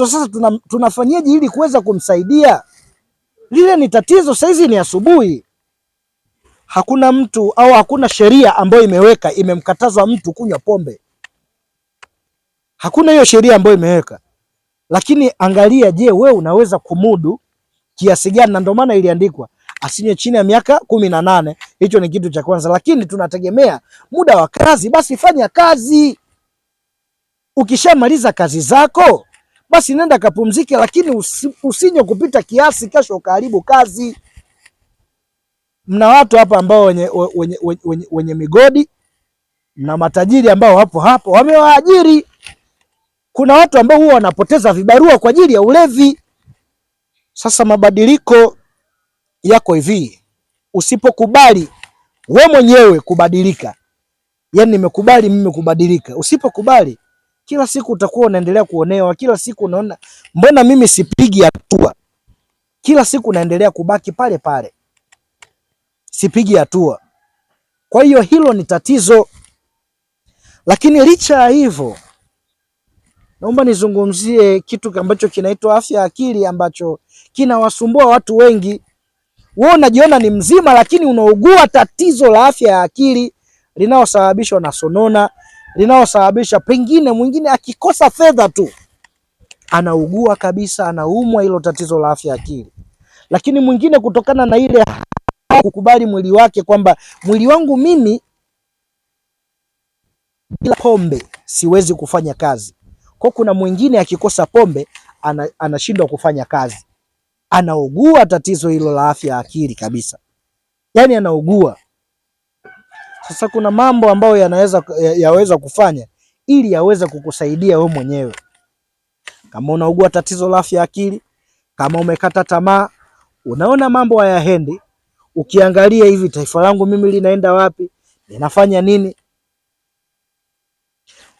Sasa tuna, tunafanyaje ili kuweza kumsaidia? Lile ni tatizo. Saizi ni asubuhi, hakuna mtu au hakuna sheria ambayo imeweka imemkataza mtu kunywa pombe, hakuna hiyo sheria ambayo imeweka. Lakini angalia, je, wewe unaweza kumudu kiasi gani? Na ndio maana iliandikwa asinywe chini ya miaka kumi na nane. Hicho ni kitu cha kwanza, lakini tunategemea muda wa kazi, basi fanya kazi. Ukishamaliza kazi zako basi nenda kapumzike, lakini usinywe kupita kiasi, kesho ukaharibu kazi. Mna watu hapa ambao wenye, wenye, wenye, wenye migodi na matajiri ambao wapo hapo wamewaajiri. Kuna watu ambao huwa wanapoteza vibarua kwa ajili ya ulevi. Sasa mabadiliko yako hivi, usipokubali we mwenyewe kubadilika, yani nimekubali mimi kubadilika, usipokubali kila siku utakuwa unaendelea kuonewa, kila siku unaona mbona mimi sipigi hatua, kila siku naendelea kubaki pale pale, sipigi hatua. Kwa hiyo hilo ni tatizo, lakini licha ya hivyo, naomba nizungumzie kitu ambacho kinaitwa afya akili ambacho kinawasumbua watu wengi. Wewe unajiona ni mzima, lakini unaugua tatizo la afya ya akili linalosababishwa na sonona linalosababisha pengine mwingine akikosa fedha tu anaugua kabisa, anaumwa hilo tatizo la afya akili. Lakini mwingine kutokana na ile kukubali mwili wake kwamba mwili wangu mimi bila pombe siwezi kufanya kazi. Kwa kuna mwingine akikosa pombe ana, anashindwa kufanya kazi, anaugua tatizo hilo la afya akili kabisa, yani anaugua sasa kuna mambo ambayo yanaweza yaweza kufanya ili yaweze kukusaidia wewe mwenyewe. Kama unaugua tatizo la afya akili, kama umekata tamaa, unaona mambo hayaendi, ukiangalia hivi, taifa langu mimi linaenda wapi? Ninafanya nini?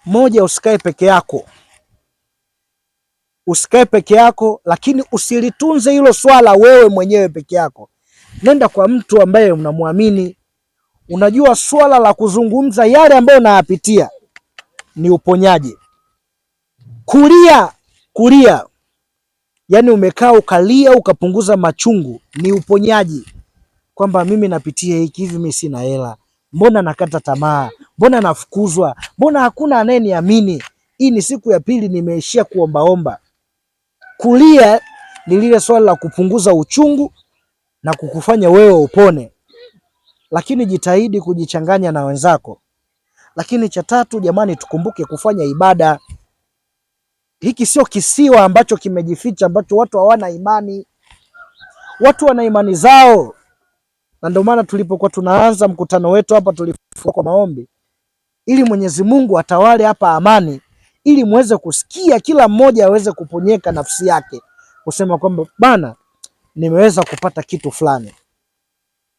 Moja, usikae peke yako, usikae peke yako, lakini usilitunze hilo swala wewe mwenyewe peke yako. Nenda kwa mtu ambaye unamwamini, Unajua, swala la kuzungumza yale ambayo nayapitia ni uponyaji. Kulia kulia, yani umekaa ukalia ukapunguza machungu, ni uponyaji, kwamba mimi napitia hiki hivi, mimi sina hela, mbona nakata tamaa, mbona nafukuzwa, mbona hakuna anayeniamini, hii ni siku ya pili nimeishia kuombaomba. Kulia ni lile swala la kupunguza uchungu na kukufanya wewe upone lakini jitahidi kujichanganya na wenzako. Lakini cha tatu, jamani, tukumbuke kufanya ibada. Hiki sio kisiwa ambacho kimejificha ambacho watu hawana imani. Watu wana imani zao, na ndio maana tulipokuwa tunaanza mkutano wetu hapa tulifua kwa maombi ili Mwenyezi Mungu atawale hapa amani, ili muweze kusikia, kila mmoja aweze kuponyeka nafsi yake kusema kwamba bana, nimeweza kupata kitu fulani.